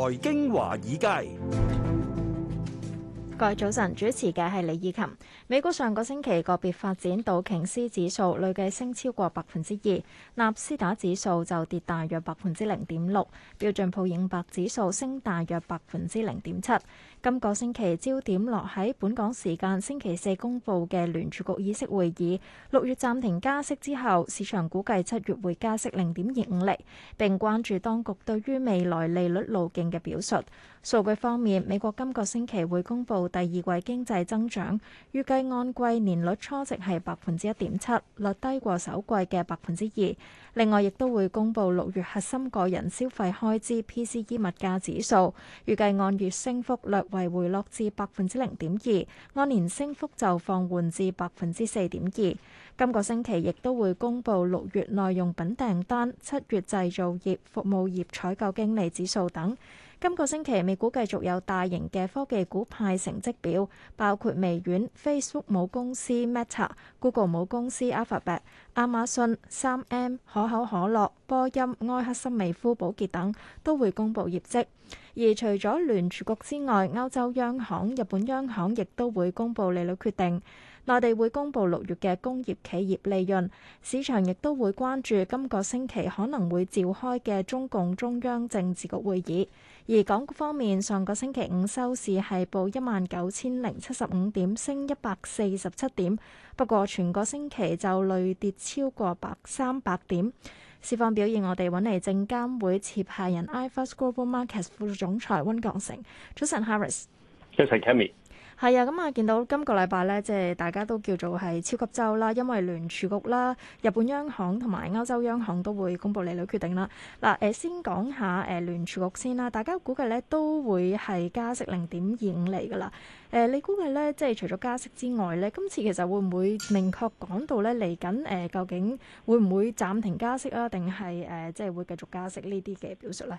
財經華爾街。各位早晨，主持嘅係李以琴。美股上個星期個別發展，道瓊斯指數累計升超過百分之二，納斯達指數就跌大約百分之零點六，標準普爾五百指數升大約百分之零點七。今個星期焦點落喺本港時間星期四公佈嘅聯儲局議息會議，六月暫停加息之後，市場估計七月會加息零點二五厘。並關注當局對於未來利率路徑嘅表述。數據方面，美國今個星期會公佈。第二季經濟增長預計按季年率初值係百分之一點七，略低過首季嘅百分之二。另外，亦都會公布六月核心個人消費開支 PCE 物價指數，預計按月升幅略為回落至百分之零點二，按年升幅就放緩至百分之四點二。今個星期亦都會公布六月耐用品訂單、七月製造業、服務業採購經理指數等。今個星期，美股繼續有大型嘅科技股派成績表，包括微軟、Facebook 母公司 Meta、Google 母公司 Alphabet、亞馬遜、3M、可口可樂、波音、埃克森美孚、寶潔等都會公布業績。而除咗聯儲局之外，歐洲央行、日本央行亦都會公布利率決定。內地會公布六月嘅工業企業利潤，市場亦都會關注今個星期可能會召開嘅中共中央政治局會議。而港股方面，上個星期五收市係報一萬九千零七十五點，升一百四十七點。不過，全個星期就累跌超過三百點。市況表現，我哋揾嚟證監會協下人 iFirst Global Markets 副總裁温國成。早晨，Harris。早晨，Kami。係啊，咁啊見到今個禮拜咧，即係大家都叫做係超級週啦，因為聯儲局啦、日本央行同埋歐洲央行都會公布利率決定啦。嗱，誒先講下誒聯儲局先啦，大家估計咧都會係加息零點二五釐㗎喇。誒，你估計咧即係除咗加息之外咧，今次其實會唔會明確講到咧嚟緊誒究竟會唔會暫停加息啊？定係誒即係會繼續加息呢啲嘅表述咧？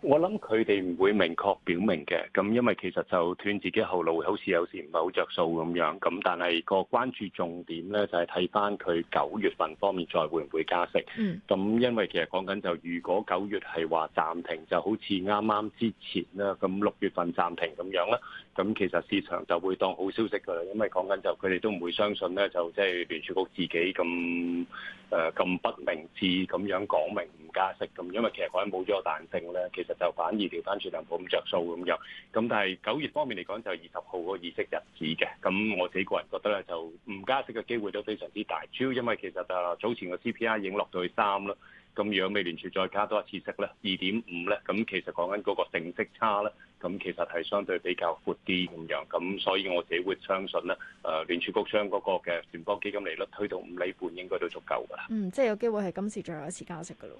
我諗佢哋唔會明確表明嘅，咁因為其實就斷自己後路，好似有時唔係好着數咁樣。咁但係個關注重點呢，就係睇翻佢九月份方面再會唔會加息。咁、嗯、因為其實講緊就如果九月係話暫停，就好似啱啱之前啦，咁六月份暫停咁樣啦。咁其實市場就會當好消息㗎啦，因為講緊就佢哋都唔會相信咧，就即係聯儲局自己咁誒咁不明智咁樣講明唔加息咁，因為其實佢冇咗個彈性咧，其實就反而調翻轉頭冇咁着數咁樣。咁但係九月方面嚟講就二十號嗰個議息日子嘅，咁我自己個人覺得咧就唔加息嘅機會都非常之大，主要因為其實啊早前個 C P I 已經落到去三啦。咁如果美聯儲再加多一次息咧，二點五咧，咁其實講緊嗰個成息差咧，咁其實係相對比較闊啲咁樣，咁所以我自己會相信咧，誒聯儲局將嗰個嘅聯邦基金利率推到五厘半應該都足夠噶啦。嗯，即係有機會係今次最後一次加息噶咯。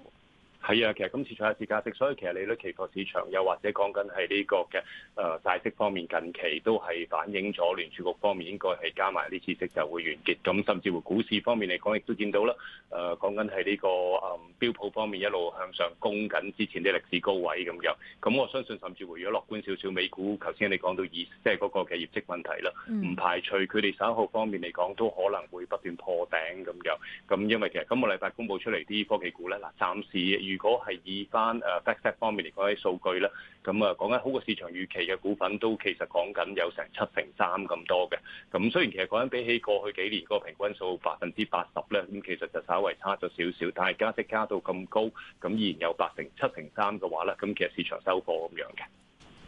係啊，其實今次採下次加息，所以其實利率期貨市場又或者講緊係呢個嘅誒債息方面，近期都係反映咗聯儲局方面應該係加埋啲息息就會完結。咁甚至乎股市方面嚟講，亦都見到啦。誒、呃，講緊係呢個誒、呃、標普方面一路向上攻緊之前啲歷史高位咁樣。咁我相信甚至乎如果樂觀少少，美股頭先你講到二，即係嗰個嘅業績問題啦，唔、嗯、排除佢哋稍後方面嚟講都可能會不斷破頂咁樣。咁因為其實今個禮拜公佈出嚟啲科技股咧，嗱暫時。如果係以翻誒 FactSet 方面嚟講啲數據咧，咁啊講緊好過市場預期嘅股份都其實講緊有成七成三咁多嘅，咁雖然其實講緊比起過去幾年個平均數百分之八十咧，咁其實就稍微差咗少少，但係加息加到咁高，咁依然有八成七成三嘅話咧，咁其實市場收貨咁樣嘅。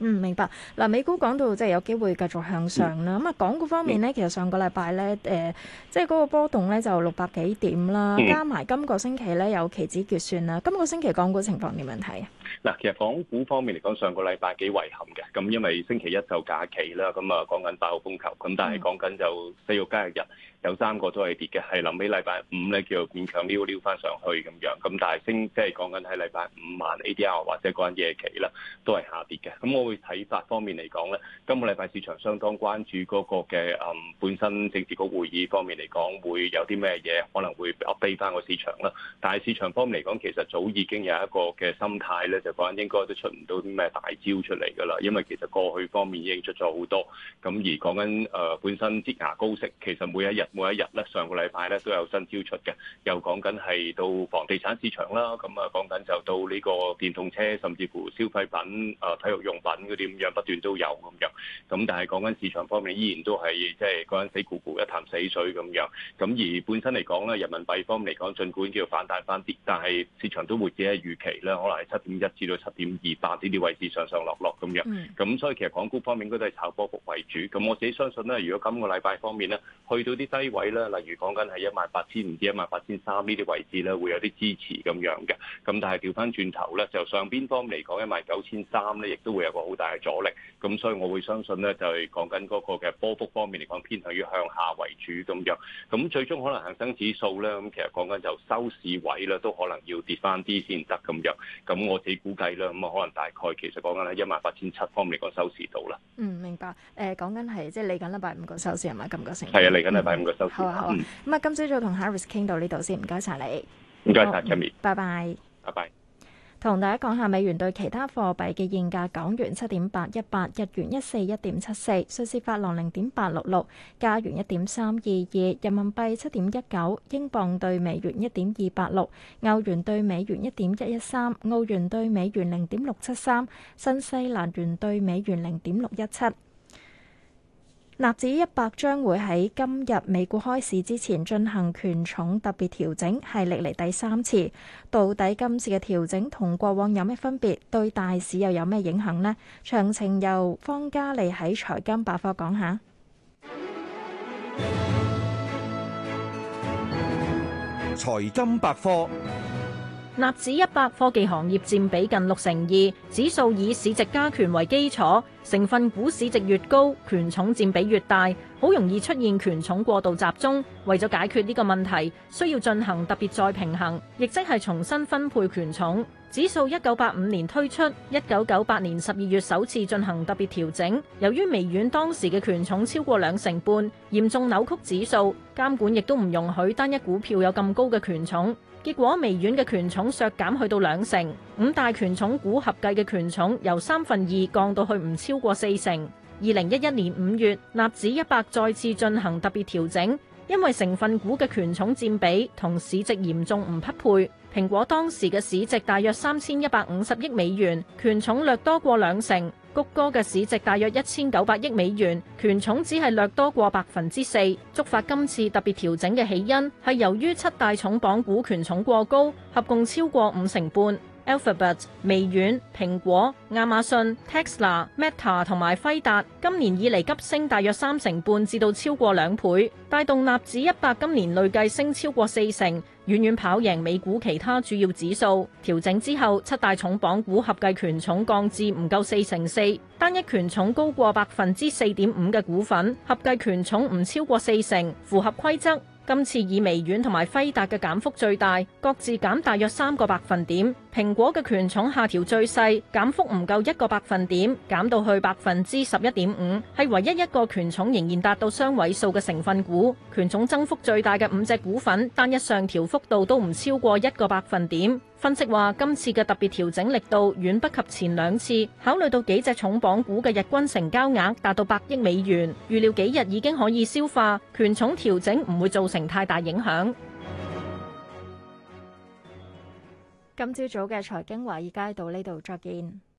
嗯，明白。嗱，美股講到即係有機會繼續向上啦。咁啊、嗯，港股方面咧，其實上個禮拜咧，誒、呃，即係嗰個波動咧就六百幾點啦。嗯、加埋今個星期咧有期指結算啦。今個星期港股情況點樣睇？嗱，其實港股方面嚟講，上個禮拜幾遺憾嘅，咁因為星期一就假期啦，咁啊講緊八號風球，咁但係講緊就四個交易日有三個都係跌嘅，係臨尾禮拜五咧叫勉強溜溜翻上去咁樣，咁但係星即係講緊喺禮拜五晚 ADR 或者講緊夜期啦，都係下跌嘅。咁我會睇法方面嚟講咧，今個禮拜市場相當關注嗰個嘅誒本身政治局會議方面嚟講會有啲咩嘢可能會壓低翻個市場啦。但係市場方面嚟講，其實早已經有一個嘅心態咧。就講緊應該都出唔到啲咩大招出嚟㗎啦，因為其實過去方面已經出咗好多，咁而講緊誒本身擠牙膏食，其實每一日每一日咧，上個禮拜咧都有新招出嘅，又講緊係到房地產市場啦，咁啊講緊就到呢個電動車，甚至乎消費品誒、呃、體育用品嗰啲咁樣不斷都有咁樣，咁但係講緊市場方面依然都係即係嗰陣死咕咕一潭死水咁樣，咁而本身嚟講咧人民幣方面嚟講，儘管叫反彈翻跌，但係市場都活躍喺預期啦，可能係七點一。至到七點二八呢啲位置上上落落咁樣，咁、mm. 所以其實港股方面應該都係炒波幅為主。咁我自己相信咧，如果今個禮拜方面咧，去到啲低位咧，例如講緊係一萬八千五至一萬八千三呢啲位置咧，會有啲支持咁樣嘅。咁但係調翻轉頭咧，就上邊方面嚟講一萬九千三咧，亦都會有個好大嘅阻力。咁所以，我會相信咧，就係講緊嗰個嘅波幅方面嚟講，偏向於向下為主咁樣。咁最終可能恒生指數咧，咁其實講緊就收市位咧，都可能要跌翻啲先得咁樣。咁我自己。估計啦，咁啊可能大概其實講緊喺一萬八千七方面嚟收市到啦。嗯，明白。誒、呃，講緊係即係嚟緊禮拜五個收視今個市係咪咁個成？係啊，嚟緊係禮拜五個收市。好、啊、好咁啊，嗯、今朝早同 Harvey 傾到呢度先，唔該晒你。唔該晒。Jammy 拜拜。拜拜。同大家講下美元對其他貨幣嘅現價：港元七點八一八，日元一四一點七四，瑞士法郎零點八六六，加元一點三二二，人民幣七點一九，英鎊對美元一點二八六，歐元對美元一點一一三，澳元對美元零點六七三，新西蘭元對美元零點六一七。納指一百將會喺今日美股開市之前進行權重特別調整，係歷嚟第三次。到底今次嘅調整同過往有咩分別？對大市又有咩影響呢？詳情由方嘉利喺財金百科講下。財金百科，納指一百科技行業佔比近六成二，指數以市值加權為基礎。成分股市值越高，權重佔比越大，好容易出現權重過度集中。為咗解決呢個問題，需要進行特別再平衡，亦即係重新分配權重。指數一九八五年推出，一九九八年十二月首次進行特別調整。由於微軟當時嘅權重超過兩成半，嚴重扭曲指數，監管亦都唔容許單一股票有咁高嘅權重。結果微軟嘅權重削減去到兩成，五大權重股合計嘅權重由三分二降到去唔超過四成。二零一一年五月，納指一百再次進行特別調整，因為成分股嘅權重占比同市值嚴重唔匹配。蘋果當時嘅市值大約三千一百五十億美元，權重略多過兩成。谷歌嘅市值大約一千九百億美元，權重只係略多過百分之四。觸發今次特別調整嘅起因係由於七大重磅股權重過高，合共超過五成半。Alphabet、微軟、蘋果、亞馬遜、Tesla、Meta 同埋輝達今年以嚟急升大約三成半至到超過兩倍，帶動納指一百今年累計升超過四成。遠遠跑贏美股其他主要指數，調整之後，七大重磅股合計權重降至唔夠四成四，單一權重高過百分之四點五嘅股份，合計權重唔超過四成，符合規則。今次以微軟同埋輝達嘅減幅最大，各自減大約三個百分點。蘋果嘅權重下調最細，減幅唔夠一個百分點，減到去百分之十一點五，係唯一一個權重仍然達到雙位數嘅成分股。權重增幅最大嘅五隻股份，單一上調幅度都唔超過一個百分點。分析話，今次嘅特別調整力度遠不及前兩次。考慮到幾隻重磅股嘅日均成交額達到百億美元，預料幾日已經可以消化，權重調整唔會造成太大影響。今朝早嘅財經華爾街到呢度，再見。